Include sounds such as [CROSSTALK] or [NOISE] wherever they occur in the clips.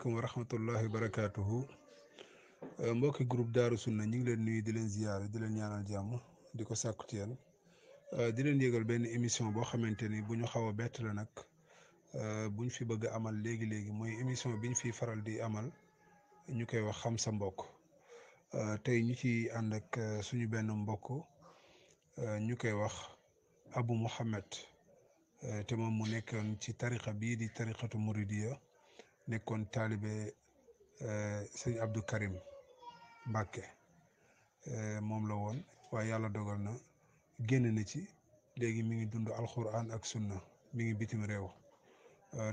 aleykum wa rahmatullahi wa barakaatuhu mbokki groupe Daaru Sunna ñu ngi leen nuyu di leen ziyaare di leen ñaanal jàmm di ko sàkku ci yéen di leen yëgal benn émission boo xamante ni bu ñu xaw a bett la nag bu ñu fi bëgg amal léegi léegi mooy émission bi ñu fiy faral di amal ñu koy wax xam sa mbokk tey ñu ci ànd ak suñu benn mbokk ñu koy wax Abu Muhammad te moom mu nekkoon ci tariqa bii di tariqatu Muridiya. نكون طالب سي عبد الكريم باكي موم لا وون وا يالا دوغالنا ген نتي لغي ميغي دوندو القران اك سنه ميغي بيتم ريو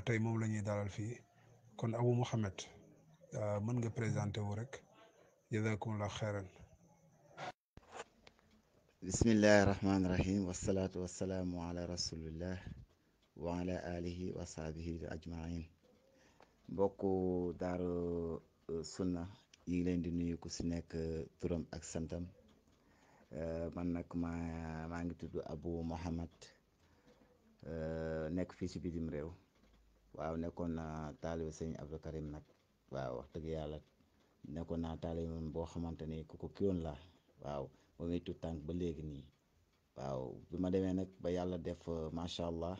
تاي موم لا ني دالال في كون ابو محمد من nga présenter wu rek jazakum allah khairan بسم الله الرحمن الرحيم والصلاه والسلام على رسول الله وعلى اله وصحبه اجمعين mbokku daaru euh, sunna yi ngi leen di nuyu ku si nekk euh, turam ak santam euh, man nag maa maa ngi tudd Abou Mouhamed nekk fii si bitim réew waaw nekkoon na taalibe sëñ Abdou nag waaw wax dëgg yàlla nekkoon naa taalibe boo xamante ni ku ko kiwoon la waaw ba muy tuut tànk ba léegi nii waaw bi ma demee nag ba yàlla def macha allah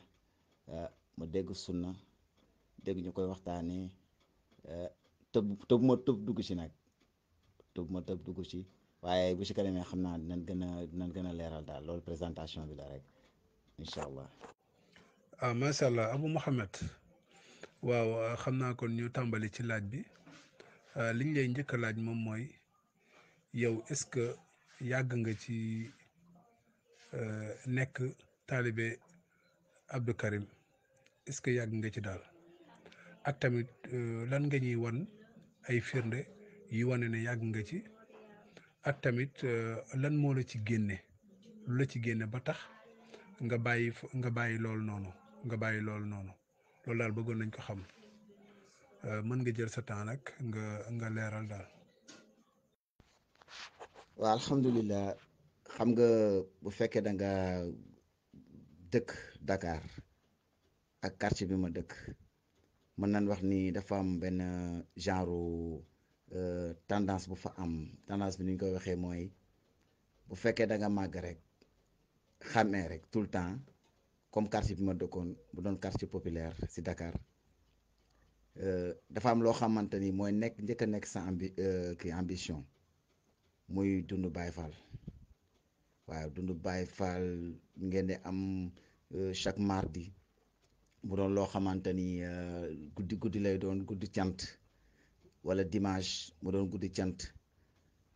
ma dégg sunna dégg ñu koy waxtaanee eh, tëb tëb ma tëb dugg si nag tëb ma tëb dugg si waaye bu si kanamee xam naa dina gën a gën leeral daal loolu présentation bi la rek incha allah. ah macha allah Abou Mouhamed waaw xam naa kon ñu tàmbali ci laaj bi ah, liñ lay njëkk a laaj moom mooy yow est-ce que yàgg nga ci eh, nekk taalibe Abdou Karim est-ce que yàgg nga ci daal. ak tamit euh, lan nga ñuy wan ay firnde yi wane ne yàgg nga ci ak tamit euh, lan moo la ci génne lu la ci génne ba tax nga bàyyi nga bàyyi loolu noonu nga bàyyi loolu noonu loolu daal bëggoon nañ ko xam euh, mën nga jël sa temps nag nga nga leeral daal. waaw alhamdulilah xam nga bu fekkee da dëkk Dakar ak quartier bi ma dëkk. mën nañ wax ni dafa am benn euh, genre euh, tendance bu fa am tendance bi ni ñu koy waxee mooy bu fekkee da nga màgg rek xàmmee rek tout le temps comme quartier bi ma dëkkoon bu doon quartier populaire si Dakar euh, dafa am loo xamante ni mooy nekk njëkk a nekk sa ambi kii ambition muy dund Baye Fall waaw dund Baye Fall ngeen di am chaque mardi. mu doon loo xamante ni euh, guddi guddi lay doon guddi cant wala dimanche mu doon guddi cant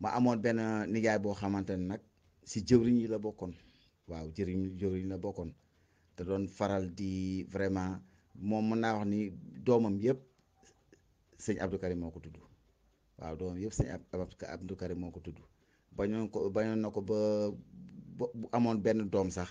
ma amoon benn nijaay boo xamante ni nag si jëwriñ yi la bokkoon waaw jëriñ jëwriñ la bokkoon te doon faral di vraiment moom mën naa wax ni doomam yëpp sëñ Abdou Karim moo ko tudd waaw doomam yëpp sëñ Abdou Karim moo ko tudd bañoon ko na ko ba bu amoon benn doom sax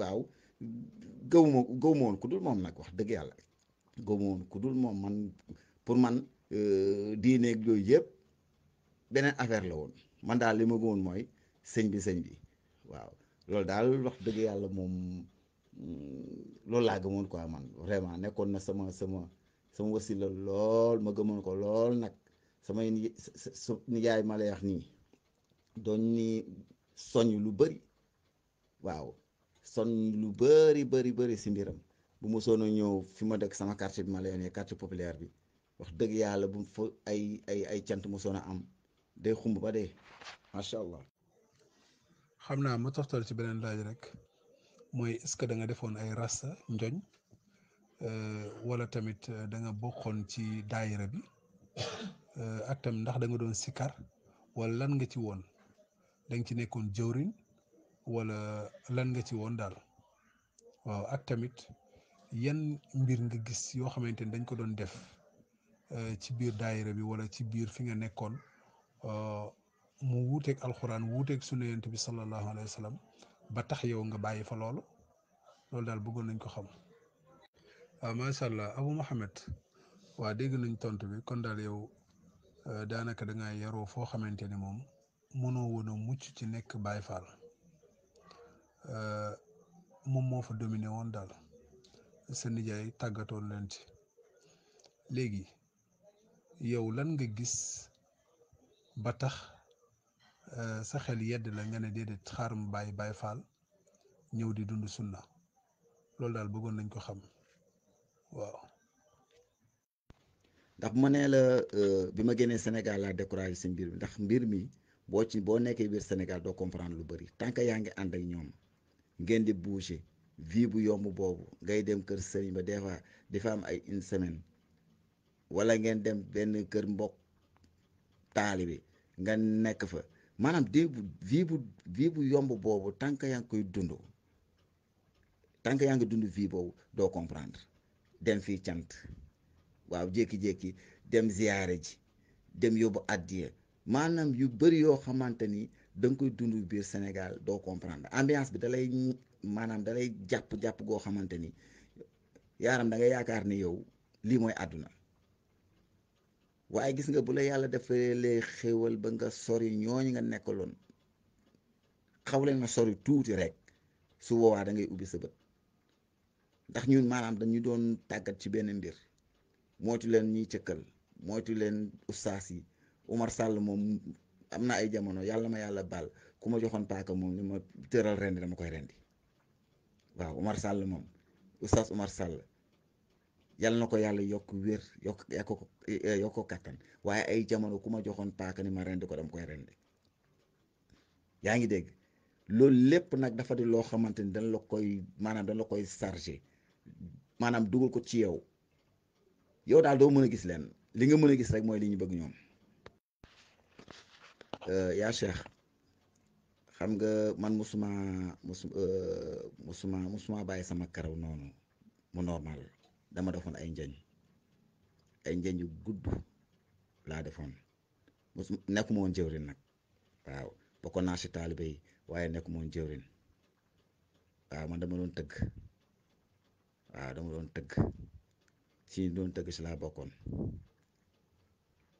waaw gëwuma gëwuma woon ku dul moom nag wax dëgg yàlla gëwuma woon ku dul moom man pour man euh, diineeg yooyu yëpp beneen affaire la woon man daal li ma gëwoon mooy sëñ bi sëñ bi waaw loolu daal wax dëgg yàlla moom mm, loolu laa gëmoon quoi man vraiment nekkoon na sama sama sama wasi la lool ma gëmoon ko lool nag samay su yaay ma lay wax nii doon ni soñ lu bëri waaw son lu bëri bëri bëri si mbiram bu ma soon a ñëw fi ma dëkk sama quartier bi ma la yónnee quartier populaire bi wax dëgg yàlla bu fa ay ay ay cant mu a am day xumb ba de macha allah. xam naa ma toxtal ci beneen laaj rek mooy est-ce que da nga defoon ay rasta njoñ euh, wala tamit euh, da nga bokkoon ci daayira bi euh, ak tam ndax da nga doon sikar wala lan nga ci woon da ci nekkoon jëwriñ wala lan nga ci woon daal waaw ak tamit yan mbir nga gis yoo xamante ni dañ ko doon def euh, ci biir daayira bi wala ci biir fi nga nekkoon euh, mu wuuteeg alxuraan wuuteeg sunna yonent bi sallallahu alayhi wa ba tax yow nga bàyyi fa loolu loolu daal bëggoon nañ ko xam. waaw macha allah Abu Mohamed waa dégg nañ tontu bi kon daal yow euh, daanaka da ngaa yaroo foo xamante ni moom mënoo woon a mucc ci nekk bàyyi Faal. Euh, moom moo fa dominé woon daal sa nijaay tàggatoo leen léegi yow lan nga gis ba tax euh, sa xel yedd la nga ne déedéet xaar mu bàyyi bàyyi faal ñëw di dund sunna loolu daal bëggoon nañ ko xam waaw. ndax bu ma nee la euh, bi ma génnee Sénégal laa découragé si mbir mi ndax mbir mi boo ci boo nekkee biir Sénégal doo comprendre lu bari tant yaa ngi ànd ak ñoom. ngeen di bouger vie bu yomb boobu ngay dem kër sëriñ ba des fois di am ay une semaine wala ngeen dem benn kër mbokk taali bi nga nekk fa maanaam dée bu yomb boobu tant que yaa ngi koy dund tant que yaa ngi dund vie boobu doo comprendre dem fii cant waaw jékki-jékki dem ziyaare ji dem yóbbu addiya maanaam yu bëri yoo xamante da nga koy dund biir Sénégal doo comprendre ambiance bi dalay maanaam dalay jàpp jàpp goo xamante ni yaaram danga yaakaar ni yow lii mooy àdduna waaye gis nga bu la yàlla defee lay xéwal ba nga sori ñooñu nga nekkaloon xaw leen na sori tuuti rek su boobaa da ngay ubbi sa bët ndax ñun maanaam dañu doon tàggat ci benn mbir moytu leen ñuy cëkkal moytu leen ustaas yi Umar Sall moom am na ay jamono yàlla ma yàlla baal ku ma joxoon paaka moom ni ma tëral rendi dama koy rendi waaw Umar Sall moom oustaz Umar Sall yàlla na ko yàlla yokk wér yokk yokk eh, yokk ko kàttan waaye ay jamono ku ma joxoon paaka ni ma rendi ko dama koy rendi yaa ngi dégg loolu lépp nag dafa di loo xamante ni dañ la koy maanaam dañ la koy chargé maanaam dugal ko ci yow yow daal doo mën a gis leen li nga mën a gis rek mooy li ñu bëgg ñoom Euh, yaa Cheikh xam nga man musuma musu euh, musuma musuma bàyyi sama karaw noonu mu normal dama defoon ay njëñ ay njëñ yu gudd laa defoon musu nekkuma woon jëwrin nag waaw bokkoon naa si taalibe yi waaye nekkuma woon jëwrin waaw man dama doon tëgg waaw dama doon tëgg si doon tëgg si laa bokkoon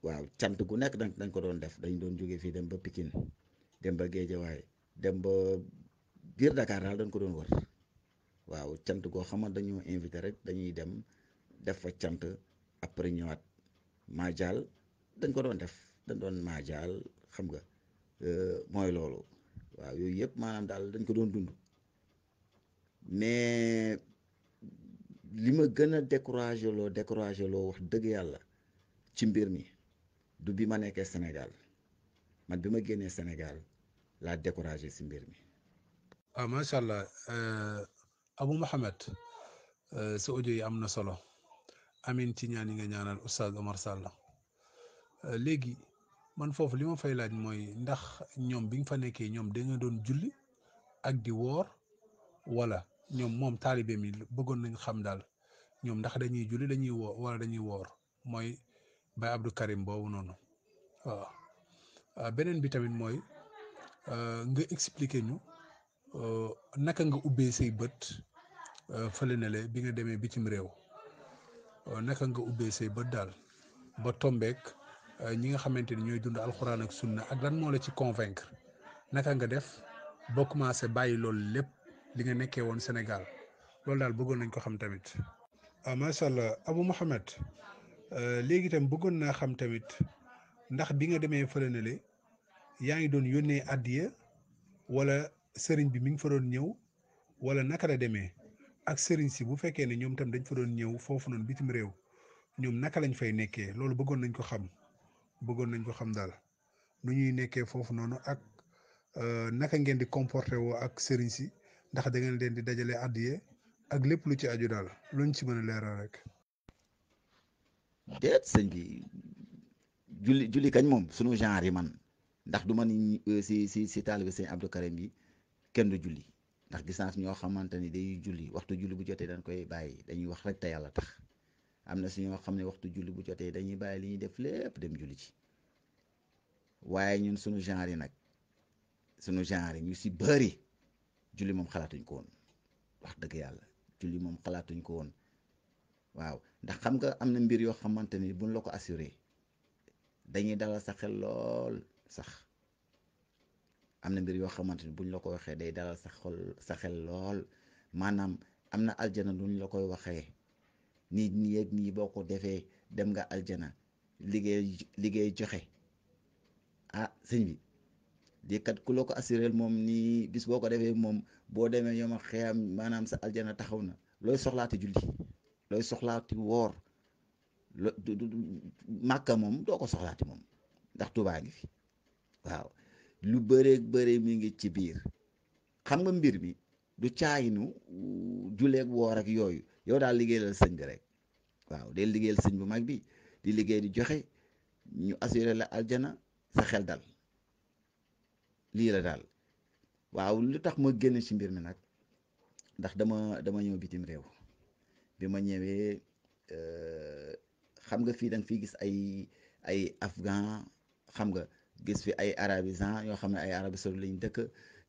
waaw cant gu nekk dañ dañ ko doon def dañ doon jógee fii dem ba pikin dem ba waaye dem ba biir dakaar daal dañ ko doon wër waaw cant goo xam ne invité rek dañuy dem def fa cant après ñëwaat maajaal dañ ko doon def dañ doon maajaal xam nga euh, mooy loolu waaw yooyu yëpp maanaam daal dañ ko doon dund mais li ma gën a découragé loo découragé loo wax dëgg yàlla ci mbir mi du bi ma nekkee Sénégal man bi ma génnee Sénégal laa découragé si mbir mi. waaw ah, macha allah euh, Abou Mouhamed euh, sa audio yi am na solo amin ci ñaan yi nga ñaanal Oustaz Oumar Sall euh, léegi man foofu li ma fay laaj mooy ndax ñoom bi fa nekkee ñoom da doon julli ak di woor walla ñoom moom taalibe mi bëggoon nañ xam daal ñoom ndax dañuy julli dañuy woor wala dañuy woor mooy. Baye Abdou Karim boobu noonu waaw ah, beneen bi tamit mooy ah, nga expliquer ñu ah, naka nga ubbee say bët fële na le bi nga demee bitim réew naka nga ubbee say bët daal ba tombeek ñi nga xamante ni ñooy dund alxuraan ak sunna ak lan moo la ci convaincre naka nga def ba commencé bàyyi loolu lépp li nga nekkee woon Sénégal loolu daal bëggoon nañ ko xam tamit. ah allah Abou Mouhamed Euh, léegi itam bëggoon naa xam tamit ndax bi nga demee fële na le yaa ngi doon yónnee addiya wala sëriñ bi mi ngi fa doon ñëw wala naka la demee ak sëriñ si bu fekkee ne ñoom tam dañ fa doon ñëw foofu noonu bitim réew ñoom naka lañ fay nekkee loolu bëggoon nañ ko xam bëggoon nañ ko xam daal nu ñuy nekkee foofu noonu ak euh, naka ngeen di comporté woo ak sëriñ si ndax da ngeen leen di dajale addiya ak lépp lu ci aju daal luñ ci mën a leeral rek. déet sëñ bi julli julli kañ moom sunu genre yi man ndax du ma ni euh, si si si taalibe sëñ Abdou Karim bi kenn du julli ndax gis naa ñoo xamante ni day julli waxtu julli bu jotee dañ koy bàyyi dañuy wax rek te yàlla tax am na si ñoo xam ne waxtu julli bu jotee dañuy bàyyi li ñuy def lépp dem julli ci waaye ñun sunu genre yi nag sunu genre yi ñu si bëri julli moom xalaatuñ ko woon wax dëgg yàlla julli moom xalaatuñ ko woon. waaw ndax xam nga am na mbir yoo xamante ni buñ la ko assuré dañuy dalal sa xel am na mbir yoo xamante ni buñ la ko waxee day dalal sa xol xel lool maanaam am na aljana luñ la koy waxee nii nii nii boo ko defee dem nga aljana liggéey liggéey joxe ah sëñ bi di kat ku la ko assuré moom nii bis boo ko defee moom boo demee ñoom ak maanaam sa aljana taxaw na looy soxlaate julli looy soxlaati woor lo màkka moom doo ko soxlaati moom ndax tubaa ngi fi waaw lu bëreeg bëre mi ngi ci biir xam nga mbir mi du caayinu juleeg woor ak yooyu yow daal liggéeyal sëñ bi rek waaw del liggéeyal sëñ bu mag bi di liggéey di joxe ñu assuré la aljana sa xel dal lii la daal waaw lu tax ma génn ci mbir mi nag ndax dama dama ñëw bitim réew bi ma ñëwee xam nga fii da nga fi gis ay ay afghan xam nga gis fi ay arabisant yoo xam ne ay arabi saudi lañ dëkk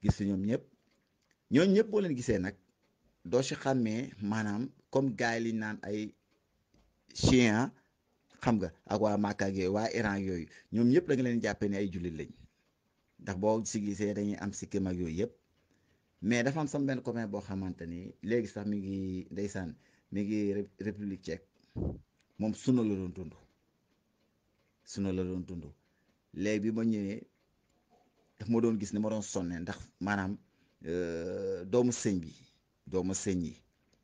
gis fi ñoom ñëpp ñooñ ñëpp boo leen gisee nag doo si xàmmee maanaam comme gars yi liñ naan ay chien xam nga ak waa Màkka ak yooyu waa Iran yooyu ñoom ñëpp da nga leen jàppee ne ay jullit lañ ndax boo si gisee dañuy am sikkim ak yooyu yëpp mais dafa am sama benn copain boo xamante ni léegi sax mi ngi ndeysaan mi ngi république tchèque moom suna la doon tundu suna la doon tundu léegi bi ma ñëwee daf ma doon gis ni ma doon sonne ndax maanaam euh, doomu sëñ bi doomu sëñ yi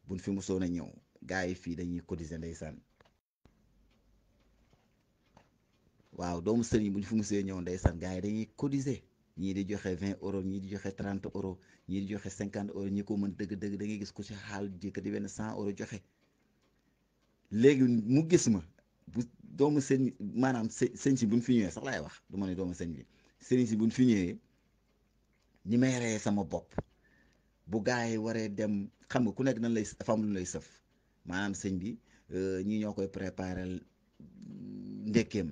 buñ fi musoon a ñëw gars yi fii dañuy cotiser san waaw doomu sëñ yi buñ fi musoon a ñëw san gars yi dañuy cotiser ñii di joxe vingt euros ñii di joxe trente euros ñii di joxe cinquante euros ñi ko mën dëgg dëgg da ngay gis ku ci xaal jëkkati benn cent euros joxe léegi mu gis ma bu doomu sëñ maanaam sëñ si buñ fi ñëwee sax laay wax du ma ne doomu bi sëñ si buñ fi ñëwee ñi may reyee sama bopp bu gaa yi waree dem xam nga ku nekk nan lay dafa am lu lay sëf maanaam sëñ bi euh, ñii ñoo koy préparel mm, ndekkeem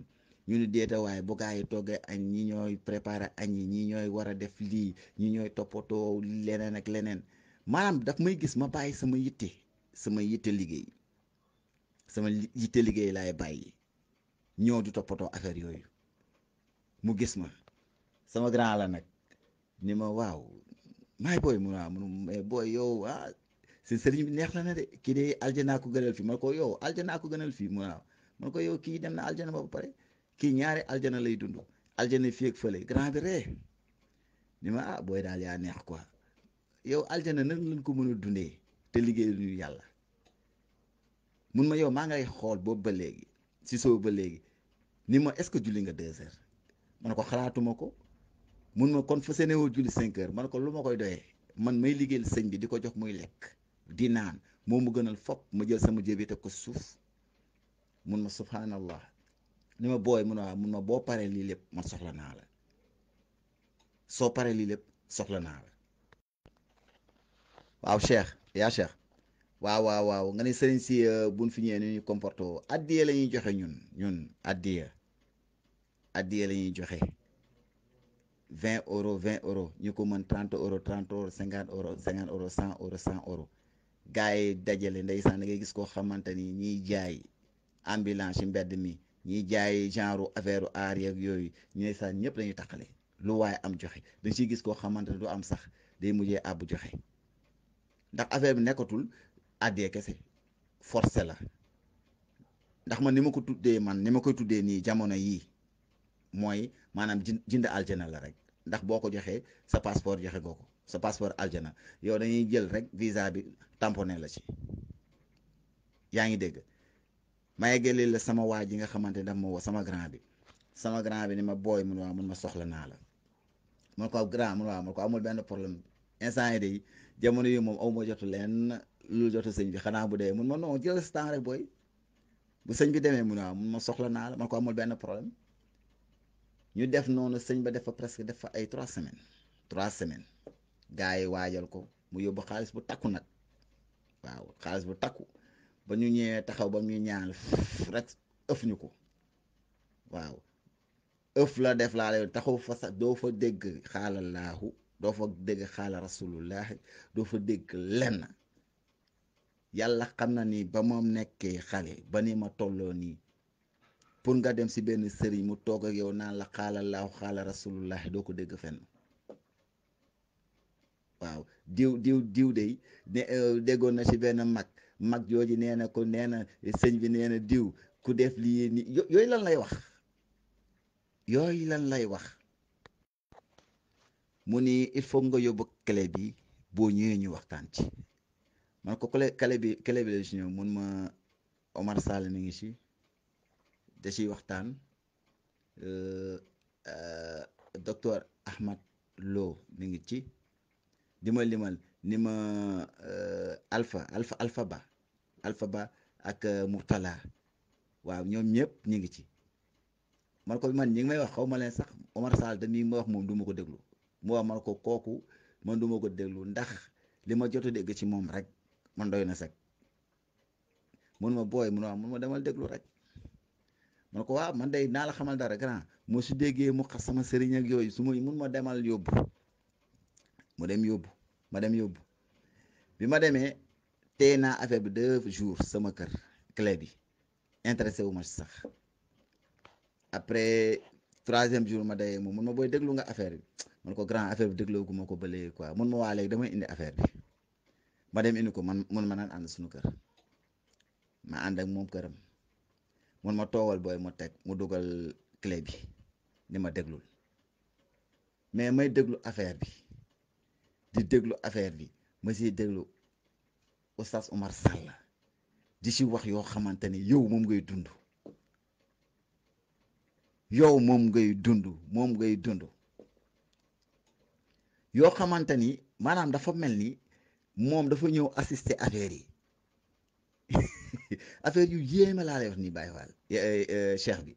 ñu ni deeta waaye bu gaa yi toggee añ ñi ñooy préparer añ yi ñooy war a def lii ñi ñooy toppatoo leneen ak leneen maanaam daf may gis ma bàyyi sama yitte sama yitte liggéey sama yitte liggéey laay bàyyi ñoo di toppatoo affaire yooyu mu gis ma sama grand la nag ni ma waaw maay booy mun naa mun mais booy yow ah si sëriñ bi neex na na de kii de aljanaa ko gënal fii man ko yow aljanaa ko gënal fii mun naa man ko yow kii dem na aljana ba ba pare kii ñaari aljana lay dund aljana fii ak fële grand bi ree ni ma ah booy daal yaa neex quoi yow aljana nan lañ ko mën a dundee te liggéey ñu yàlla mun ma yow maa ngay xool boobu ba léegi si soo ba léegi ni ma est-ce que julli nga deux heures man ko xalaatuma ko mun ma kon fa sene woo julli cinq heures man ko lu ma koy doyee man may liggéeyal sëñ bi di ko jox muy lekk di naan moom mu gënal fopp ma jël sama jëbi teg ko suuf mun ma subhanallah ni ma booy mun a mun ma boo paree lii lépp ma soxla naa la soo paree lii lépp soxla naa waaw Cheikh yaa Cheikh waaw waaw waaw nga ne sëriñ si euh, buñ fi ñëwee ni ñu comporte woo addiya la ñuy joxe ñun ñun addiya addiya la ñuy joxe vingt euro vingt euro ñu ko mën trente euro trente euro cinquante euro cinquante euro cent euro cent euro gars yi dajale ndeysaan da ngay gis koo xamante ni ñiy jaay ambulance ci mbedd mi ñuy jaay genre affaire aar yeeg yooyu ñooy sax ñëpp dañuy taqale lu waaye am joxe dañ ciy gis koo xamante ne du am sax day mujjee àbb joxe ndax affaire bi nekkatul àddee kese forcé la ndax ma ni ma ko tuddee man ni ma koy tuddee nii jamono yii mooy maanaam jind aljana la rek ndax boo ko joxee sa passeport joxe goo ko sa passeport aljana yow dañuy jël rek visa bi tamponné la ci yaa ngi dégg ma yeggali la sama waa ji nga xamante ne daf ma woo sama grand bi sama grand bi ni ma booy mun waa mun ma soxla naa la ma ko grand mun waa mun ko amul benn problème instant yi de jamono yi moom aw ma jotu leen lu jotu sëñ bi xanaa bu dee mun ma non jël temps booy bu sëñ bi demee mun waa mun ma soxla naa la ko amul benn problème ñu def noonu sëñ ba defa presque def fa ay trois semaines trois semaines gars yi waajal ko mu yóbbu xaalis bu takku nag waaw xaalis bu takku. ba ñu ñëwee taxaw ba ñu ñaanal rek ëf ñu ko waaw ëf la def laa lay taxaw fa sax doo fa dégg xaala laahu doo fa dégg xaala doo fa dégg lenn yàlla xam na ni ba ma nekkee xale ba ni ma tolloo nii pour nga dem si benn sëriñ mu toog ak yow naan la xaala laahu xaala doo ko dégg fenn waaw diw diw diw de euh, déggoon na si benn mag mag jooju nee na ko nee na sëñ bi nee na diw ku def lii yooyu lan lay wax yooyu lan lay wax mu ni il faut nga yóbbu clé bi boo ñëwee ñu waxtaan ci man ko clé clé bi clé bi la ci ñëw mun ma Omar Sall mi ngi ci da ciy waxtaan euh, euh, docteur Ahmad loo mi ngi ci di ma limal ni ma euh, alpha alpha alpha ba Alpha Ba ak eh, Murtala waaw ñoom ñëpp ñi ngi ci man ko man ñi ngi may wax xawma leen sax Omar Sall dañuy ma wax moom du ko déglu mu wax man ko kooku man du ko déglu ndax li ma jot a dégg ci moom rek man doy na sax mun ma booy mun ma mun ma demal déglu rek man ko waaw man day naa la xamal dara grand moo su déggee mu xas sama sëriñ ak yooyu su mun ma demal yóbbu mu dem yóbbu ma dem yóbbu bi ma demee téye naa affaire bi deux jours sama kër clé bi intéressé wu ma si sax après troisième jour ma dayee moom mun ma booy déglu nga affaire bi man ko grand affaire bi dégloogu ma ko ba léegi quoi mun ma waa léegi damay indi affaire bi ma dem indi ko man mun ma naan ànd suñu kër ma ànd ak moom këram mun ma toogal booy ma teg mu dugal clé bi ni ma déglul mais may déglu affaire bi di déglu affaire bi ma siy déglu. oustaz Oumar la di si wax yoo xamante ne yow moom ngay dund yow moom ngay dund moom ngay dund yoo xamante ni maanaam dafa mel ni moom dafa ñëw assister affaire yi [LAUGHS] affaire yu yéeme laa lay wax ni Baye Fall eh, eh, eh,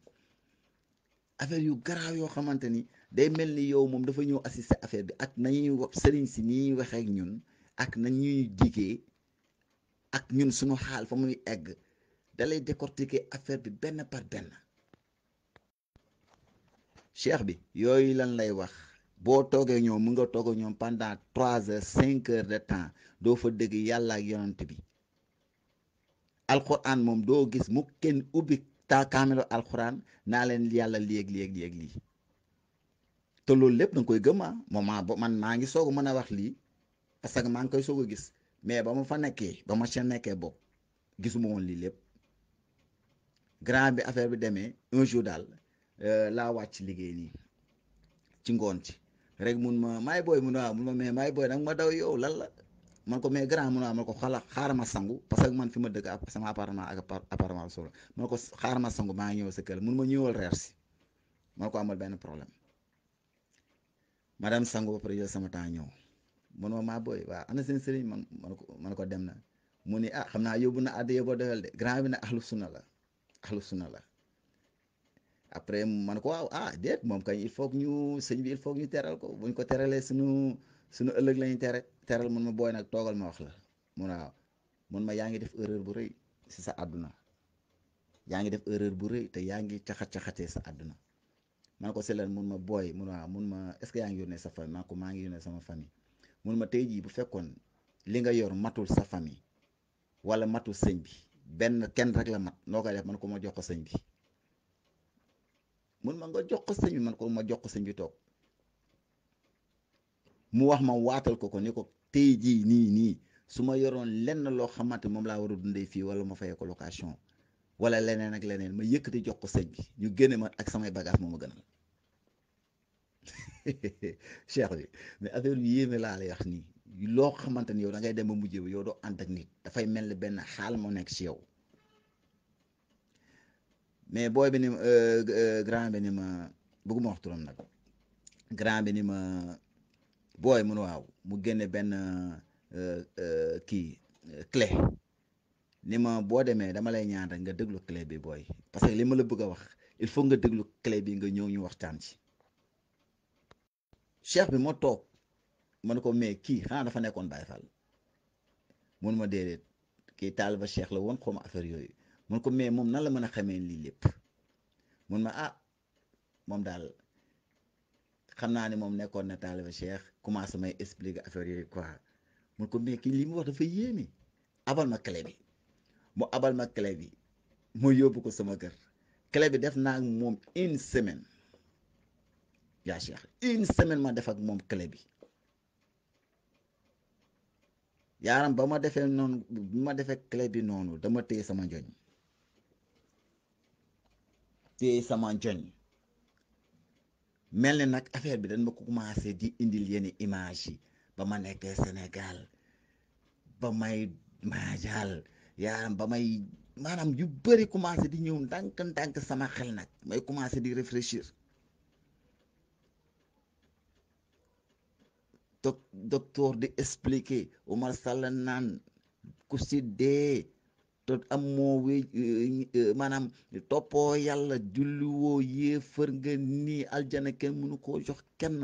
affaire yu garaaw yoo xamante ni day mel ni yow moom dafa ñëw assister affaire bi ak nañuy sëriñ si ni ñuy waxee ak ñun ak nañuy dikkee ak ñun suñu xaal fa muy egg dalay décortiquer affaire bi benn par benn cheikh bi yooyu lan lay wax boo toogee ñoom mu nga toog ñoom pendant trois heures cinq heures de temps doo fa dëgg yàlla ak yonent bi alquran moom doo gis mu kenn ubbi taa kaamelo alquran naa leen yàlla léeg-léeg léeg lii te loolu lépp danga koy gëm ah moment man maa ngi soog a mën a wax lii parce que maa ngi koy soog a gis mais bama fa nekkee ba ma ca nekkee bokk gisuma woon lii lépp grand bi affaire bi demee un jour daal euh, laa wàcc liggéey nii ci ngoon ci rek mun ma may boy mun waaw mun ma mais may boy nag ma daw yow lan la man ko mais grand mun waaw man ko xala xaar ma sangu parce que man fi ma ak sama appartement ak appartement bi solo man ko xaar ma sangu maa ngi ñëw sa kër mun ma ñëwal reer si man ko amal benn problème madame sangu ba pare jël sama temps ñëw. man ma maa booy waaw ana seen man man ko man ko dem na mu ni ah xam naa yóbbu na àddi yóbbu doyal de grand bi ne ahlu la ahlu sunna la après man ko waaw ah déet moom kañ il faut ñu sëñ bi il ñu teral ko buñ ko teralee suñu suñu ëllëg la ñu tere teral mun ma booy na toogal ma wax la mun waaw mun ma yaa ngi def erreur bu rëy si sa àdduna yaa ngi def erreur bu rëy te yaa ngi caxat caxatee sa àdduna man ko si leen mun ma booy mun waaw mun ma est ce que yaa ngi yónnee sa famille man ko maa ngi yónnee sama famille mun ma tey jii bu fekkoon li nga yor matul sa famille wala matul sëñ bi benn kenn rek la mat noo koy def man ko ma jox ko sëñ bi mun ma nga jox ko sëñ man ko ma jox ko sëñ toog mu wax ma waatal ko ko ni ko tey jii nii nii su ma yoroon lenn loo xamante moom laa war a dundee fii wala ma fayee ko location wala leneen ak leneen ma yëkkati jox ko sëñ bi ñu génne ma ak samay bagage moo ma gënal [LAUGHS] Cheikh bi mais affaire bi yéeme laa lay nii loo xamante ni da ngay dem ba mujj bi yow nit dafay mel ni benn xaal moo nekk si yow mais booy bi ni euh, euh, grand bi ni ma bëgguma wax turam nag booy mun waaw mu génne benn euh, kii clé ni ma boo demee dama lay ñaan rek nga déglu clé bi booy parce que li ma la bëgg a wax il faut nga déglu clé bi nga ñëw ñu waxtaan ci. cheikh bi ma toog ma ne ko mais kii xanaa fa nekkoon Baye Fall mun ma déedéet kii taaliba cheikh la woon xaw ma affaire yooyu mën ko mais moom nan la mën a xamee lii lépp mën ma ah moom daal xam naa ne moom nekkoon na taaliba cheikh commencé may expliquer affaire yooyu quoi mën ko mais kii lii mu wax dafa yéeme abal ma clé bi mu abal ma clé bi mu yóbbu ko sama kër clé bi def naa moom une semaine. yaa Cheikh une semaine ma def ak moom clé bi yaaram ba ma defee noonu bi ma defee clé bi noonu dama téye sama njoñ téye sama njoñ mel ni nag affaire bi dañ ma ko commencé di indil yenn image yi ba ma nekkee Sénégal ba may maajaal yaaram ba may maanaam yu bëri commencé di ñëw ndànk-ndànk sama xel nag may commencé di réfléchir. docteur di expliquer Umar Sall naan ku si dee te amoo we eh, eh, maanaam toppoo yàlla julliwoo yéefar nga nii aljana kenn mënu ko jox kenn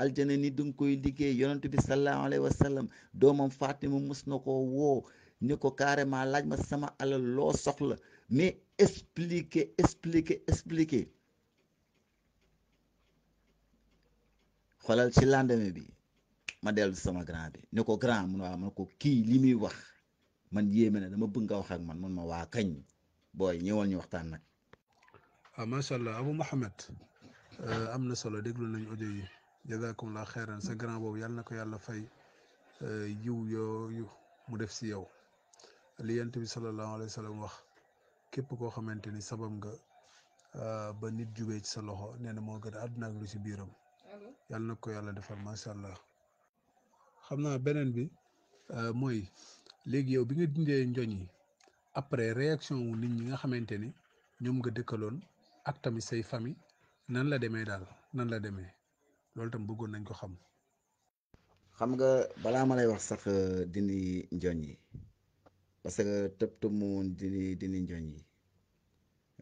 aljana ni du nga koy liggéey yonent bi sallallahu alayhi wa sallam doomam Fatima mus na ko woo ni ko carrément laaj ma sama alal loo soxla mais expliquer expliquer expliquer xoolal ci lendemain bi ma dellu sama grand bi ne ko grand mun waa man ko kii lii muy wax man yéeme na dama bëgg nga wax ak man man ma waa kañ booy ñëwal ñu waxtaan nag. waaw ah, macha allah Abou Mouhamed euh, am na solo déglu nañ audio yi jazakum la xeeran sa grand boobu yàlla na ko yàlla fay jiw euh, yooyu mu def si yow li yent bi sallallahu alayhi wa wax képp koo xamante ni sabab nga euh, ba nit jubee ci sa loxo nee na moo gën a àdduna ak lu si biiram yàlla na ko yàlla defal macha allah. xam naa beneen bi euh, mooy léegi yow bi nga dindee njoñ yi après réaction wu nit ñi nga xamante ni ñoom nga dëkkaloon ak tamit say famille nan la demee daal nan la demee loolu tam bëggoon nañ ko xam. xam nga balaa ma lay wax sax euh, dindi njoñ yi parce que tëb tëb moom dindi dindi njoñ yi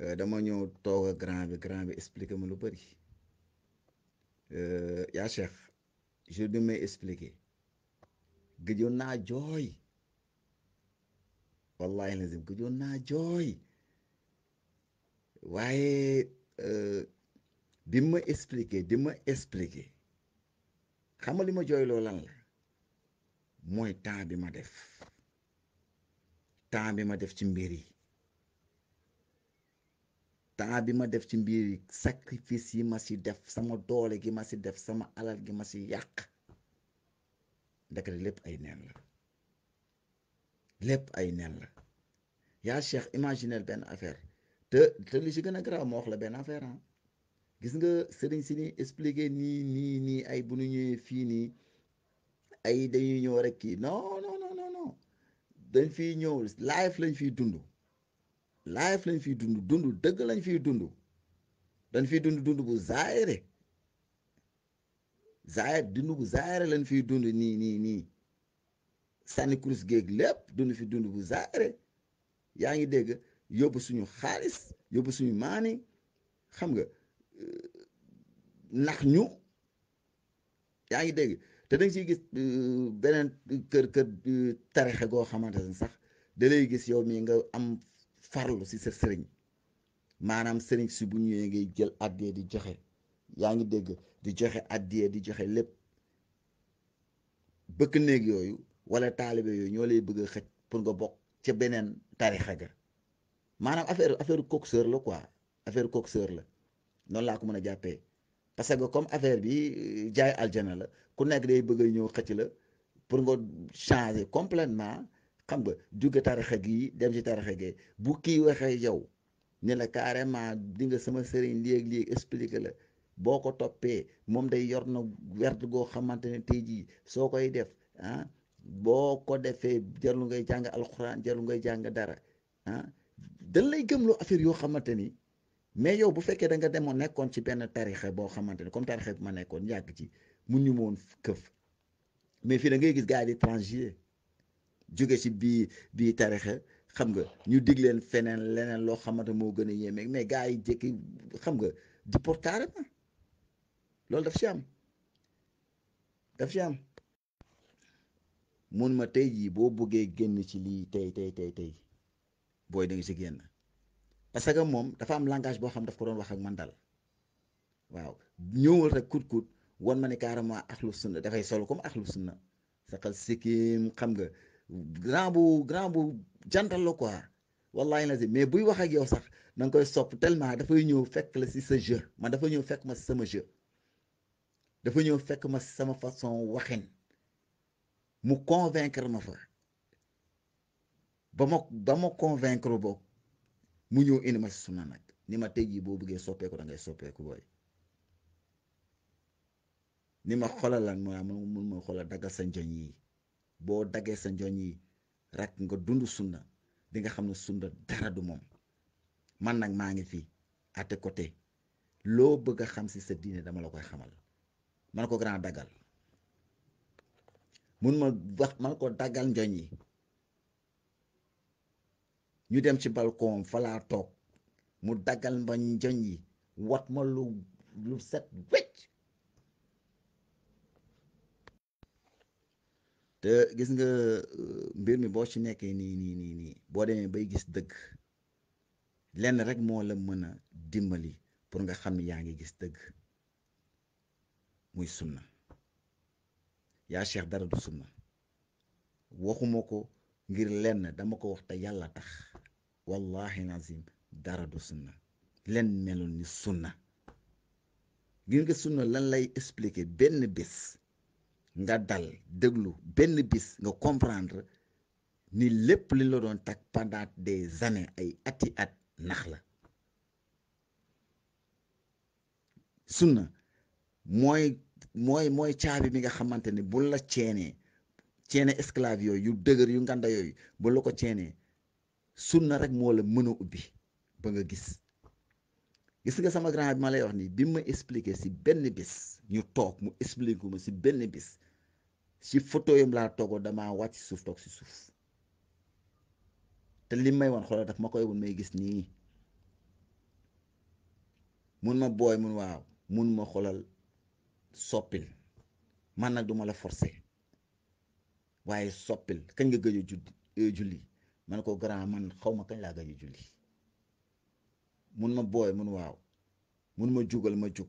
euh, dama ñëw toog a grand bi grand bi expliquer ma lu bëri yaa Cheikh jour bi may expliqué gëjoon naa jooy wallahi lazim gëjoon naa jooy waaye euh, bi ma expliqué di ma expliqué xam nga li ma jooy loo lan la mooy temps bi ma def temps bi ma def ci mbir yi temps bi ma def ci mbir yi sacrifice yi ma si def sama doole gi ma si def sama alal gi ma si yàq ndekete lépp ay neen la lépp ay neen la yaa cheikh imaginel benn affaire te te li si gën a garaaw la benn affaire ah gis nga sëriñ si ni expliqué nii nii nii ay bunu nu ñëwee fii nii ay dañuy ñëw rek kii non non non non dañ fiy ñëw live lañ fiy dund live lañ fiy dund dund dëgg lañ fi dund dañ fiy dund dund bu zaahir dund bu zaahir lañ fiy dund nii nii nii sànni kurus géeg lépp dund fi dundu bu zaahir yaa ngi dégg yóbbu suñu xaalis yóbbu suñu maani xam nga euh, nax ñu yaa ngi dégg te ci nga ciy gis euh, beneen kër kër euh, tarixe goo xamante ne sax da lay gis yow mii nga am farlu si sa sëriñ maanaam sëriñ si bu ñëwee ngi jël addee di joxe. yaa ngi dégg di joxe addiye di joxe lépp bëkk néeg yooyu wala taalibe yooyu ñoo lay bëgg a xëj pour nga bokk ca beneen tarixa ga maanaam affaire affaire coxeur la quoi affaire coxeur la noonu laa ko mën a jàppee parce que comme affaire bi euh, jaay aljana la ku nek day bëgg a ñëw xëcc la pour nga changer complètement xam nga jóge tarixa gii dem ci tarixa gee bu kii waxee yow ne la carrément di nga sama sëriñ léeg-léeg explique la boo ko toppee moom day yor na werd goo xamante ne tey jii soo koy def ah, boo ko defee jarul ngay jàng alxuraan jarul ngay jàng dara ah dañ lay gëmloo affaire yoo xamante ni mais yow bu fekkee da nga demoon nekkoon ci benn tarixa boo xamante ni comme tarixa bi ma nekkoon yàgg ci mu ñu moon këf mais fii da ngay gis gars yi di transiger jóge ci bii bii tarixa xam nga ñu digleen feneen leneen loo xamante moo gën a yéeme mais gars yi jékki xam nga di portaare ma loolu daf si am daf si am mun ma tey jii boo bëggee génn ci lii tey tey tey tey booy da si génn parce que moom dafa am langage boo xam daf ko doon wax ak man dal waaw ñëwal rek kut kut wan ma ne carrément axlu sunna dafay solo comme axlu sunna saxal sikkim xam nga grand bu grand bu jantal ko quoi wallahi na si mais buy wax ak yow sax na nga koy sopp tellement dafay ñëw fekk la si sa jeu man dafa ñëw fekk ma si sama jeu dafa ñëw fekk ma sama façon waxin mu convaincre ma fa ba ma ba ma convaincre boobu mu ñëw indi ma si sunna nag ni ma tey jii boo bëggee soppeeku da ngay soppeeku booy ni ma xoolal lan ma mun ma xoolal daggal sa njoñ yi boo daggee sa njoñ yi rek nga dund sunna di nga xam ne sunna dara du moom man nag maa ngi fi à tes côtés loo bëgg a xam si sa diine dama la koy xamal. man ko grand daggal mun ma wax man ko daggal njoñ yi ñu dem ci balcon fa mu daggal ma njoñ yi wat ma lu lu set wecc te gis nga euh, mbir mi boo ci nekkee nii nii nii nii boo demee bay gis dëgg lenn rek moo la mën a dimbali pour nga xam ni yaa ngi gis dëgg muy sunna yaa cheikh dara du waxuma ko ngir lenn dama ko wax te yàlla tax wallahi lazim dara du sunna lenn meloon ni sunna ngir nga sunna lan lay expliquer benn bis nga dal déglu benn bis nga comprendre ni lépp li la doon tag pendant des années ay ati at nax la sunna mooy mooy mooy caabi bi nga xamante ne bu la ceenee ceene esclave yooyu yu dëgër yu ngande yooyu bu la ko ceenee na rek moo la mën a ubbi ba nga gis gis nga sama grand bi ma lay wax bi ma expliqué si benn bis ñu toog mu expliqué ma si benn bis si photo yam laa toogoo damaa wàcc suuf toog si suuf te li may woon xoolal daf ma koy woon may gis nii mun ma booy mun waaw mun ma xoolal soppil man nag duma la forcer waaye soppil kañ nga gëj a eh, julli man ko grand man xaw ma kañ laa gëj a julli mun ma booy mun waaw mun ma jugal ma jug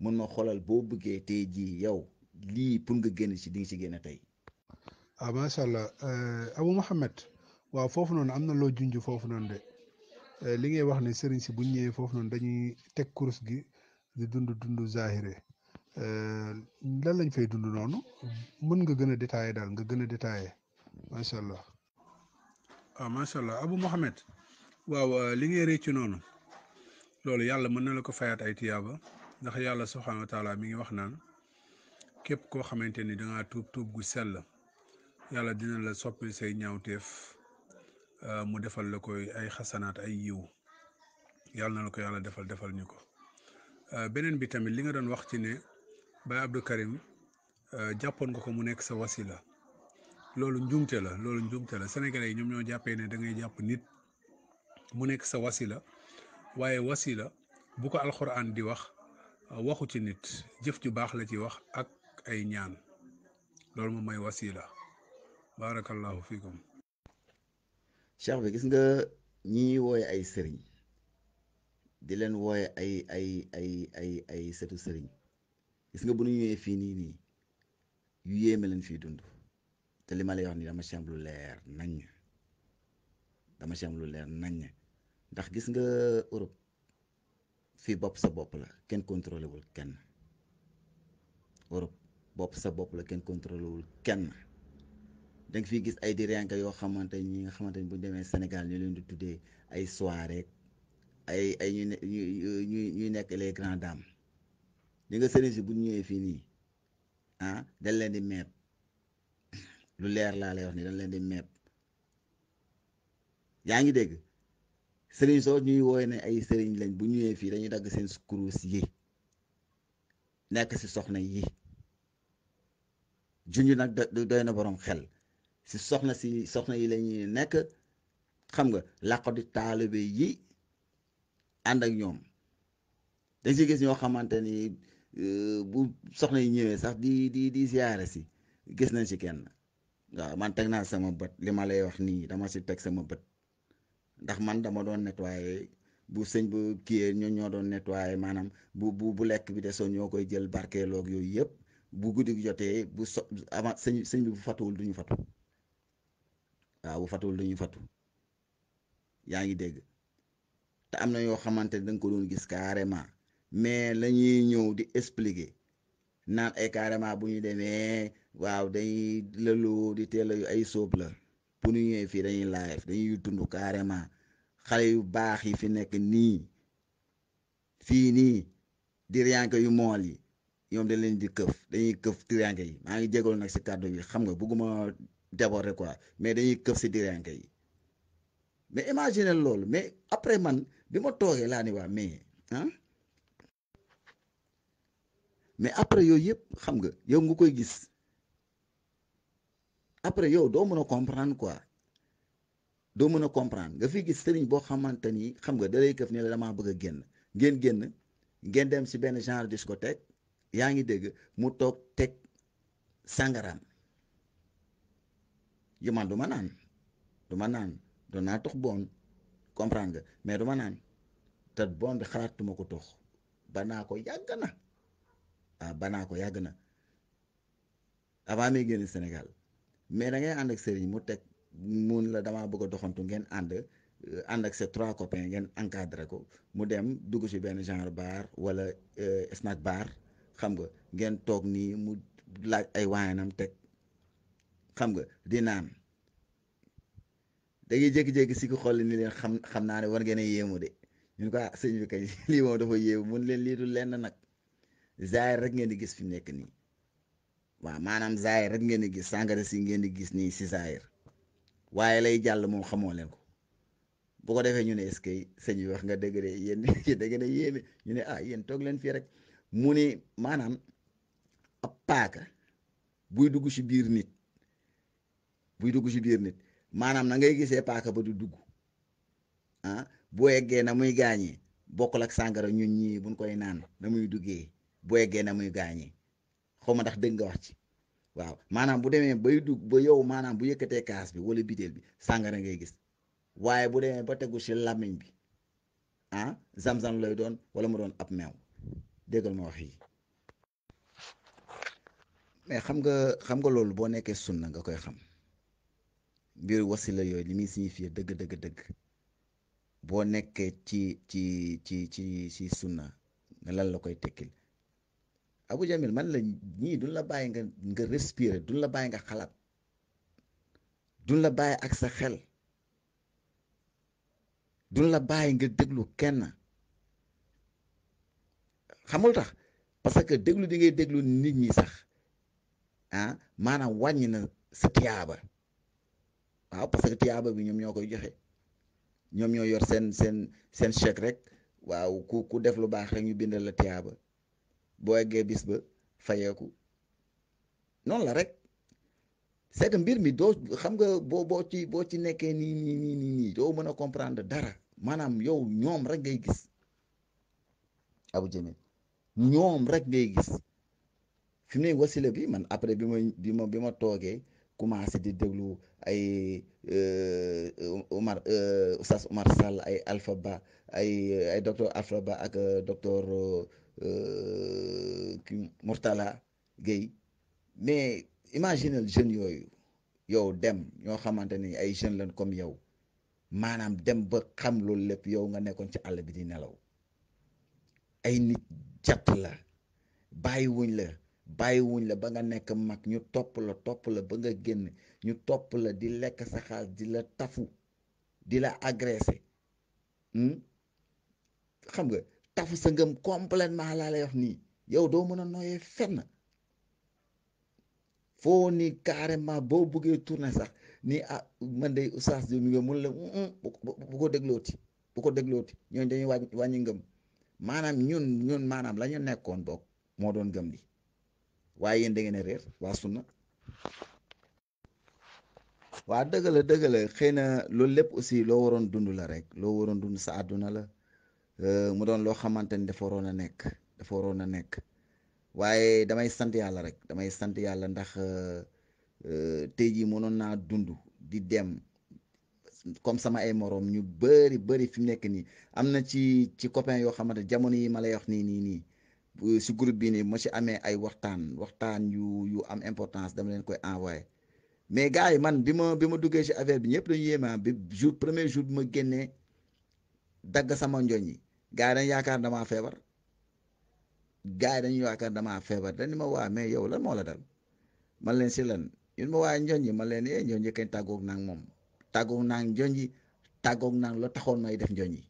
mun ma xoolal boo bëggee tey jii yow lii pour nga génn ci di ci génn tey. ah macha allah eh, Abou Mouhamed waaw foofu noonu am na loo junj foofu noonu de eh, li ngay wax ne sëriñ si bu ñëwee foofu noonu dañuy teg kurus gi di dund dund zaahire lan lañ fay dund noonu mën nga gën a détaillé daal nga gën a détaillé macha allah. Ah, macha allah Abu Mohamed waaw euh, li ngay réccu noonu loolu yàlla mën na la ko fayaat ay tiyaaba ndax yàlla subhaanahu wa taala mi ngi wax naan képp koo xamante ni dangaa tuub tuub gu sell yàlla dina la soppi say ñaawteef euh, mu defal la koy ay xasanaat ay yiw yàlla na la ko yàlla defal defal ñu ko euh, beneen bi tamit li nga doon wax ne Baye Abdou Karim euh, japon nga ko mu nek sa wasila lolou njumte la lolou njumte la sénégalais ñom ñoo jappé né da ngay japp nit mu nek sa wasila waye wasila bu ko alxuraan di wax euh, waxu ci nit jëf ju bax la ci wax ak ay ñaan lolou mo may wasila barakallahu fikum cheikh bi gis nga ñi woy ay sëriñ di len woy ay ay ay ay ay sëtu sëriñ gis nga bu nu ñëwee fii nii nii yu yéeme lañ fiy dund te li ma lay wax ni dama ci lu leer nañ dama ci lu leer nañ ndax gis nga Europe fii bopp sa bopp la kenn contrôlé wul kenn Europe bopp sa bopp la kenn contrôlé wul kenn da nga fiy gis ay diriyanka yoo xamante ñi nga xamante ni bu ñu demee Sénégal ñu leen di tuddee ay soirée ay ay ñu ñu nekk les grandes dames. di nga sëriñ si bu ñëwee fii nii ah leen di meeb lu leer laa lay wax ni dañ leen di meeb yaa ngi dégg sëriñ soo ñuy wooye ne ay sëriñ lañ bu ñëwee fii dañuy dagg seen kurus yi nekk si soxna yi junj nag doy na boroom xel si soxna si soxna yi lañuy nekk xam nga làqatu taalibe yi ànd ak ñoom dañ si gis ñoo xamante Euh, bu soxna yi ñëwee sax di di di ziyaare si gis nañ si kenn waaw man teg naa sama bët li ma lay wax nii dama si teg sama bët ndax man dama doon nettoyé bu sëñ bu kii ñoo ñoo doon nettoyé maanaam bu bu bu lekk bi de desoo ñoo koy jël barkeeloog yooyu yëpp bu guddi gi jotee bu so avant sëñ sëñ bi bu fatuwul du ñu fatu waaw bu fatuwul du ñu yaa ngi dégg te am na yoo xamante ne da ko doon gis carrément. mais la ñuy ñëw di expliquer naan ay carrément bu ñu demee waaw dañuy lëloo di teel yu ay sóob la pour ñu ñëwee fii dañuy live dañuy dund carrément xale yu baax yi fi nekk nii fii nii diriyànke yu mool yi ñoom dañ leen di këf dañuy këf diriyànke yi maa ngi jégalu nag si kàddu yi xam nga bugguma déborder quoi mais dañuy këf si diriyànke yi mais imagine loolu mais après man bi ma toogee laa ni waa mais mais après yooyu yëpp xam nga yow nga koy gis après yow doo mën a comprendre quoi doo mën a comprendre nga fi gis sëriñ boo xamante ni xam nga dalay këf ne la damaa bëgg a génn ngeen génn ngeen dem si benn genre discothèque yaa ngi dégg mu toog teg sàngaraam yu man du ma naan du ma naan doon naa tox bon comprendre nga mais du naan te bon bi xalaatuma ko tox ba naa ko yàgg na ah banaa ko yàgg na avant muy génn Sénégal mais da ngay ànd ak sëriñ mu teg mun la damaa bëgg doxantu ngeen ànd euh, ànd ak ses trois copains ngeen encadré ko mu dem dugg ci benn genre bar wala euh, snack bar xam nga ngeen toog nii mu laaj ay waayanam teg xam nga di naan da ngay jékki si ko xool ni leen xam xam naa ne war ngeen a yéemu de ñu ko ah sëñ bi kañ [LAUGHS] lii moom dafa yéemu mun leen lii du lenn nag. zaayir rek ngeen di gis fi mu nekk nii waaw maanaam zaayir rek ngeen di gis sàngara si ngeen di gis nii si zaayir waaye lay jàll moom xamoo leen ko bu ko defee ñu ne est-ce que sëñ bi wax nga dëgg de yéen [LAUGHS] da ngeen a ñu ne ah yéen toog leen fii rek mu ne maanaam paaka buy dugg si biir nit buy dugg si biir nit maanaam na ngay gisee paaka ba du dugg ah bu eggee na muy gaa gaañee bokkul ak sàngara ñun ñii buñ koy naan na muy duggee. bu eggee na muy gaañi xaw ma ndax dëgg nga wax ci waaw maanaam bu demee bay dugg ba yow maanaam bu yëkkatee kaas bi wala biteel bi sàngara ngay gis waaye bu demee ba tegu si làmmiñ bi ah zam-zam lay doon wala ma doon ab meew déggal ma wax yi mais xam nga xam nga loolu boo nekkee sunna nga koy xam mbir wasila yooyu li muy signifié dëgg dëgg dëgg boo nekkee ci ci ci ci ci sunna nga lan la koy tekkil Abu Jamil man la ñii duñ la bàyyi nga nga respirer duñ la bàyyi nga xalaat duñ la bàyyi ak sa xel duñ la bàyyi nga déglu kenn xamul tax parce que déglu di déglu nit ñi sax ah maanaam wàññi na sa tiyaaba waaw parce tiyaaba bi ñoom ñoo koy joxe ñoom ñoo yor seen seen seen chèque rek waaw ku ku def lu baax rek ñu bindal la tiyaaba. boo eggee bis ba fayeeku noonu la rek c'est mbir mi doo xam nga boo boo ci boo ci nekkee nii nii nii nii nii doo mën a comprendre dara maanaam yow ñoom rek ngay gis abu jëmil ñoom rek ngay gis fi mu ne wasila bi man après bi ma bi ma bi ma toogee commencé di déglu ay euh, euh, Omar euh, Oustaz Omar ay Alpha ay ay docteur Alpha Ba ak docteur Euh, kii Mourtala Gueye mais imaginal jeunes yooyu yow dem ñoo xamante ni ay jeunes lañ comme yow maanaam dem ba xam loolu lépp yow nga nekkoon ci àll bi di nelaw ay nit jàpp la bàyyiwuñ la bàyyiwuñ la ba nga nekk mag ñu topp la topp la ba nga génn ñu topp la di lekk sa xaalis di la tafu di la agressé hmm? xam nga. tafu sa ngëm complètement laa lay wax nii yow doo mën a fet na foo ni carrément boo bëggee tourné sax ni ah man de oustaz Diop mi nga mun la bu ko déglooti bu ko déglooti ñooñ dañuy wàññi wàññi ngëm maanaam ñun ñun maanaam la ñu nekkoon boog moo doon gëm li waaye yéen da ngeen a réer waa sunna waa dëgg la dëgg la xëy na loolu lépp aussi loo waroon dund la rek loo waroon dund sa àdduna la Euh, mu doon loo xamante ni dafa waroon a nekk dafa waroon a nekk waaye damay sant yàlla rek damay sant yàlla ndax euh, euh, tey jii mënoon naa dund di dem comme sama ay moroom ñu bëri bëri fi mu nekk nii am na ci ci copain yoo xamante jamono yi ma lay wax nii nii nii si groupe bii nii ma si amee ay waxtaan waxtaan yu yu am importance dama leen koy envoyé mais gars yi man bi ma bi ma duggee si affaire bi ñëpp dañu yéema bi jour premier jour bi ma génnee dagg sama njoñ yi gars yi dañ yaakaar damaa feebar gars yi dañu yaakaar damaa feebar dañ ma waa mais yow lan moo dal man leen si lan ñun ma waa yi man leen eh njoñ yi kañ tàggoog naa moom tàggoog naa njoñ yi tàggoog naa la taxoon may def njoñ yi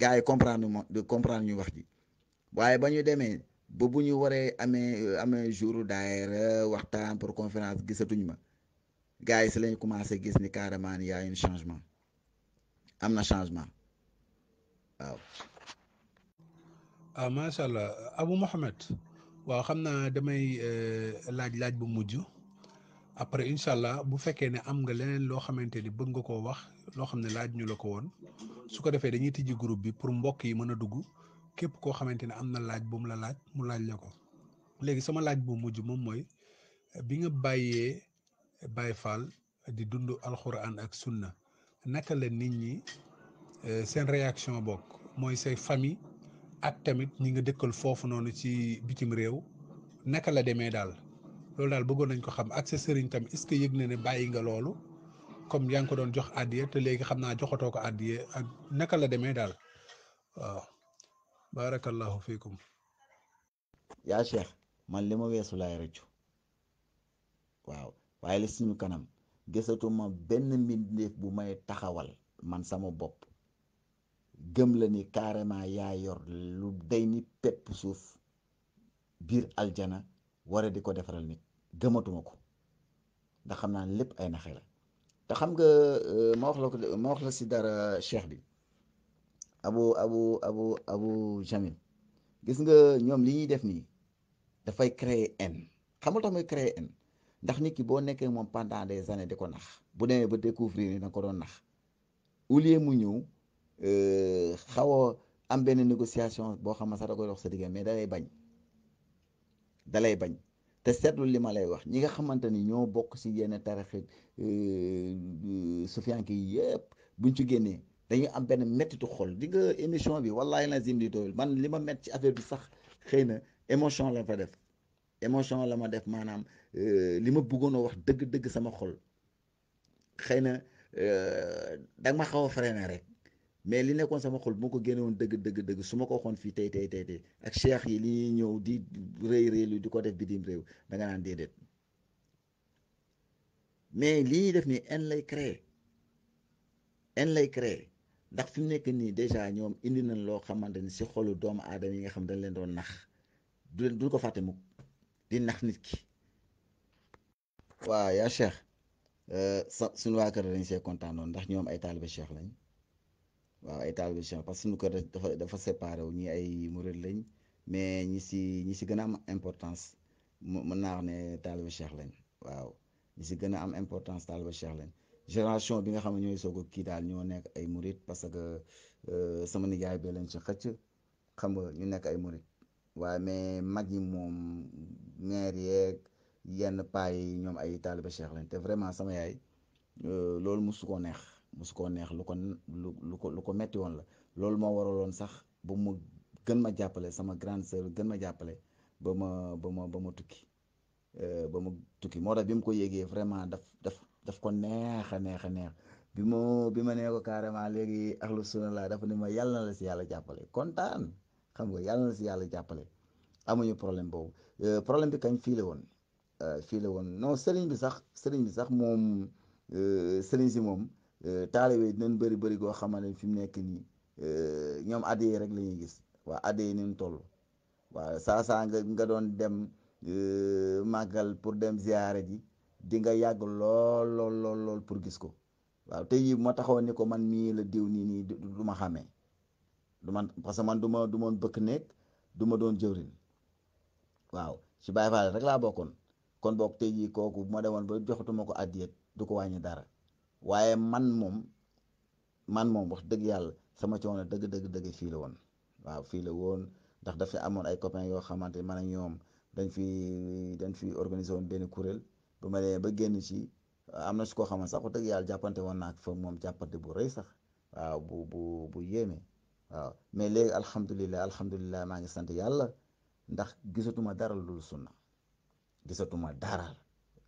gars yi comprendre ma comprendre ñu wax ji waaye ba ñu demee ba bu ñu waree amee amee jour daayira waxtaan pour conférence gisatuñ ma gars yi si lañ commencé gis ni carrément y a un changement am na changement. waaw. ah macha allah Abou Mouhamed waaw xam naa damay eh, laaj laaj bu mujj après incha allah bu fekkee ne am nga leneen loo xamante ni bëgg nga koo wax loo xam ne laaj ñu la ko woon su ko defee dañuy tijji groupe bi pour mbokk yi mën a dugg képp koo xamante ne am na laaj bu mu la laaj mu laaj la ko léegi sama laaj bu mujj moom mooy bi nga bàyyee Baye Fall di dund alxuraan ak sunna naka la nit ñi Euh, seen réaction bokk mooy say famille ak tamit ñi nga dëkkal foofu noonu ci bitim réew naka la demee daal loolu daal bëggoon nañ ko xam ak sa sëriñ tam est-ce que yëg na ne bàyyi nga loolu comme yaa ngi ko doon jox addiye léegi xam naa joxatoo ko addiye ak naka la demee daal waaw barakallahu man li ma weesu laay rëccu waaw waaye li suñu kanam gisatuma benn mbindeef bu may taxawal man sama bopp gëm la ni carrément yaa yor lu day ni pepp suuf biir aljana wara di ko defaral nit gëmatuma ko ndax xam naa lépp ay naxe la te xam nga euh, ma wax la ko ma wax la si dara cheikh bi abu abu abu abu gis nga ñoom li ñuy def nii dafay créer haine xamul tax muy créer haine ndax nit ki boo nekkee moom pendant de années di ko nax bu demee ba découvrir ni na ko doon nax au lieu mu ñëw xaw a am benn négociation boo xam ne sax da koy dox sa diggante mais dalay bañ dalay bañ te seetlu li ma lay wax ñi nga xamante ni ñoo bokk ci yenn taraxe sufiyanke yi yëpp buñ ci génnee dañuy am benn mettitu xol di nga émission bi wallahi lazim di dool man li ma mett ci affaire bi sax xëy na émotion la fa def émotion la ma def maanaam li ma bëggoon a wax dëgg-dëgg sama xol xëy na danga ma xaw a freiné rek mais li nekkoon sama xol bu ma ko génnewoon dëgg dëgg dëgg su ma ko waxoon fii tey tey tey tey ak cheikh yi li ñëw di rëy rëy lu di ko def bitim réew da nga naan mais li ñuy def nii en lay en lay créer ndax fi mu nekk nii déjà ñoom indi nañ loo xamante ni si xolu doomu aadama yi nga xam dañ leen doon nax du du ko fàtte mukk di nax nit ki. waaw yaa cheikh euh, sa suñu waa kër dañ see kontaanoon ndax ñoom ay taalibe cheikh lañ. waaw ay taalibe Cheikh parce que suñu ko dafa dafa séparé wu ñii ay murid lañ mais ñi si ñi si gën a am importance mën naa wax ne taalibe Cheikh lañ waaw ñi si gën a am importance taalibe Cheikh lañ génération bi nga xam ne ñooy soog a kii daal ñoo nekk ay murid parce que euh, sama nijaay bee leen ci xëcc xam nga ñu nekk ay murid waaye mais mag ñi moom maire yeeg yenn paa yi ñoom ay taalibe Cheikh lañ te vraiment sama yaay euh, loolu mosu koo neex. musu koo neex lu ko lu lu ko lu ko metti woon la loolu moo waraloon sax ba mu gën ma jàppale sama grande sœur gën ma jàppale ba ma ba ma ba ma tukki euh, ba ma tukki moo tax bi mu ko yéegee vraiment daf daf daf ko neex a neex a neex bi ma bi ma nee ko carrément léegi ahlu sunna laa dafa ne ma yàlla na la si yàlla jàppale kontaan xam nga yàlla na la si yàlla jàppale amuñu problème boobu euh, problème bi kañ fii woon euh, fii woon non sëriñ bi sax sëriñ bi sax moom sëriñ si moom Euh, taalibe yi dinañ bëri bëri goo xamante fi mu nekk nii euh, ñoom addiya rek lañuy gis waa addiya ni mu toll waaw saa saa nga nga doon dem euh, màggal pour dem ziyaare ji di nga yàgg lool lool lool lool pour gis ko waaw te yi ma taxaw ni ko man mii la diw nii nii du ma xàmmee du man parce man du ma du ma bëkk néeg du ma doon jëwrin waaw ci Baay Faal rek laa bokkoon kon bokk tey jii kooku bu ma demoon ba joxatuma ko addiya du ko wàññi dara waaye man moom man moom wax dëgg yàlla sama coono dëgg dëgg dëgg fii la woon waaw fii la woon ndax dafa fi amoon ay copains yoo xamante man ak ñoom dañ fi dañ fi organisé woon benn kuréel ba ma demee ba génn ci am na si koo xamante sax wax dëgg yàlla jàppante woon naa fa moom jàppante bu rëy sax waaw bu bu bu yéeme waaw mais léegi alhamdulilah alhamdulilah maa ngi sant yàlla ndax gisatuma dara lu sunna gisatuma dara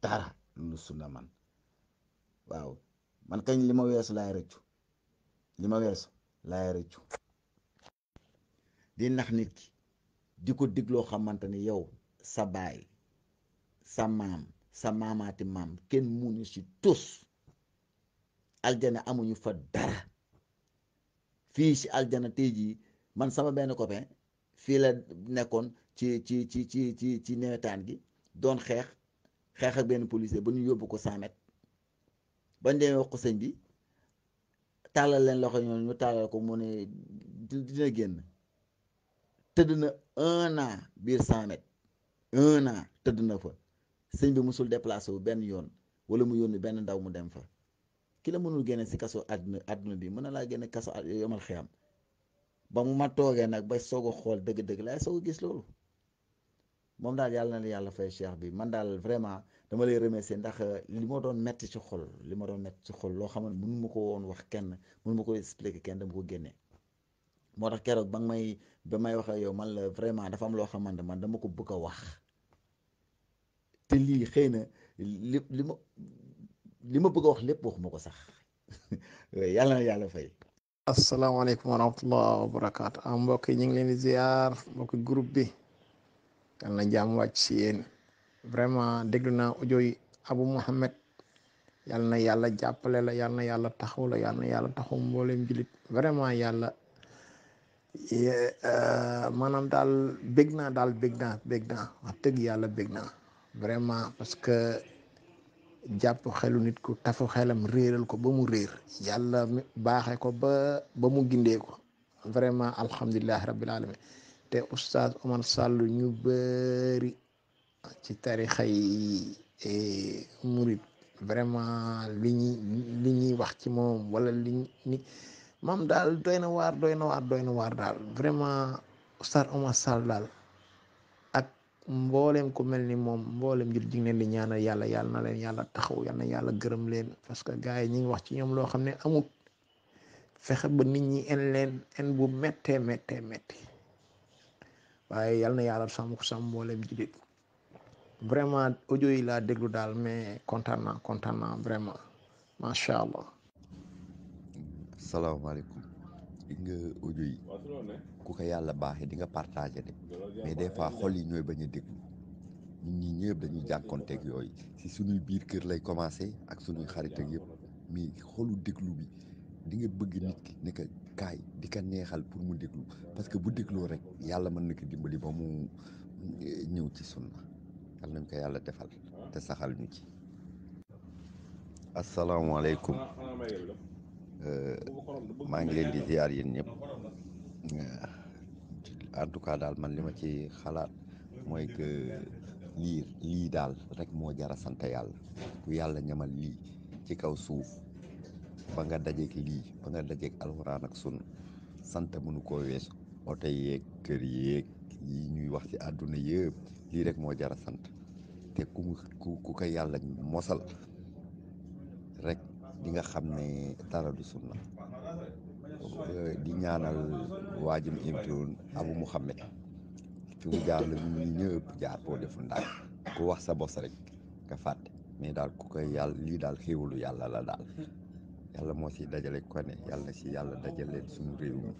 dara lu sunna man waaw man kañ lima ma weesu laay rëccu li weesu laay rëccu di nax nit ki di ko digloo xamante ni yow sa baay sa maam sa maamaati maam kenn munu ci tus aljana amuñu fa dara fii ci aljana tey ji man sama benn copain fii la nekkoon ci ci ci ci ci ci newetaan gi doon xeex xeex benn policier ba ñu yóbbu ko 100 bañ demee wax sëñ bi tàllal leen loxo ñoom ñu tàllal ko mu ne dina génn tëdd na un an biir cent mètres un an tëdd na fa sëñ bi musul déplacé wu benn yoon wala mu yónni benn ndaw mu dem fa ki mënul génne si kaso àdduna àdduna bi mën na laa génne kaso yomal xiyam ba mu ma toogee nag ba soog a xool dëgg-dëgg laay soog a gis loolu moom daal yàlla na la yàlla fay cheikh bi man daal vraiment dama lay remercier ndax li ma doon metti ci xol li ma doon metti ci xol loo xam ne mënu ma ko woon wax kenn mënu ma ko expliquer kenn dama ko génne moo tax keroog ba nga may ba may wax yow man la vraiment dafa am loo xamante man dama ko bëgg a wax te lii xëy na li li ma li ma bëgg a wax lépp waxuma ko sax yàlla na yàlla fay. asalaamaaleykum wa rahmatulah wa barakaatu mbokk yi ñu ngi leen di ziar mbokk groupe bi yal na jàmm wàcc ci yéen. vraiment déglu naa audio yi Abu Mohamed yal na yàlla jàppale la yal na yàlla taxaw la yal na yàlla taxaw mbooleem jullit vraiment yàlla euh, maanaam daal bég naa daal bég naa bég naa wax yàlla bég naa vraiment parce que jàpp xelu nit ku tafu xelam réeral ko ba mu réer yàlla baaxe ko ba ba mu gindee ko vraiment alhamdulilah rabbil alamin te oustaz Oumar Sall ñu bëri ci tarixa yi e murit vraiment li ñuy li ñuy wax ci moom walla li ni moom daal doy na waar doy na waar doy na waar daal vraiment Oustaz Oumar Sall daal ak mbooleem ku mel ni moom mbooleem jur jig leen di ñaanal yàlla yàlla na leen yàlla taxaw yàlla na yàlla gërëm leen parce que gars yi ñu ngi wax ci ñoom loo xam ne amut fexe ba nit ñi en leen en bu méttee méttee métti waaye yàlla na yàlla sàmm ko sàmm mbooleem jullit vraiment audio yi laa déglu daal mais kontaan naa kontaan vraiment macha allah. salaamaaleykum gis nga audio ku ko yàlla baaxee di nga partagé de mais des fois xol yi ñooy bañ a déglu ñun ñii ñu dañuy jànkonteeg yooyu si suñuy biir kër lay commencé ak suñuy xarit ak yëpp mais xolu déglu bi di nga bëgg nit ki ne ko kaay di ko neexal pour mu déglu parce que bu dégloo rek yàlla mën na ko dimbali ba mu eh, ñëw ci sunna yal nañ ko defal te saxal ñu ci asalaamaaleykum euh, maa ngi di ziar yéen ñëpp euh, en tout cas daal man lima ma ci xalaat mooy que rek moo jara sant yàlla ku yàlla ñamal lii ci kaw suuf ba nga dajeeg lii ba nga dajeeg alxuraan ak sun sant mënu koo weesu yi ñuy wax ci àdduna yëpp lii rek moo jara sant te ku ku ku ko yàlla mosal rek di nga xam ne dara du sunna di ñaanal waajum imtoon abu muhammad fi mu jaar la ñu ñëpp jaar boo defu ndax ku wax sa bos rek nga fàtte mais daal ku ko yàlla lii daal xéewalu yàlla la daal yàlla moo si dajale ko ne yàlla si yàlla dajaleen suñu réew mi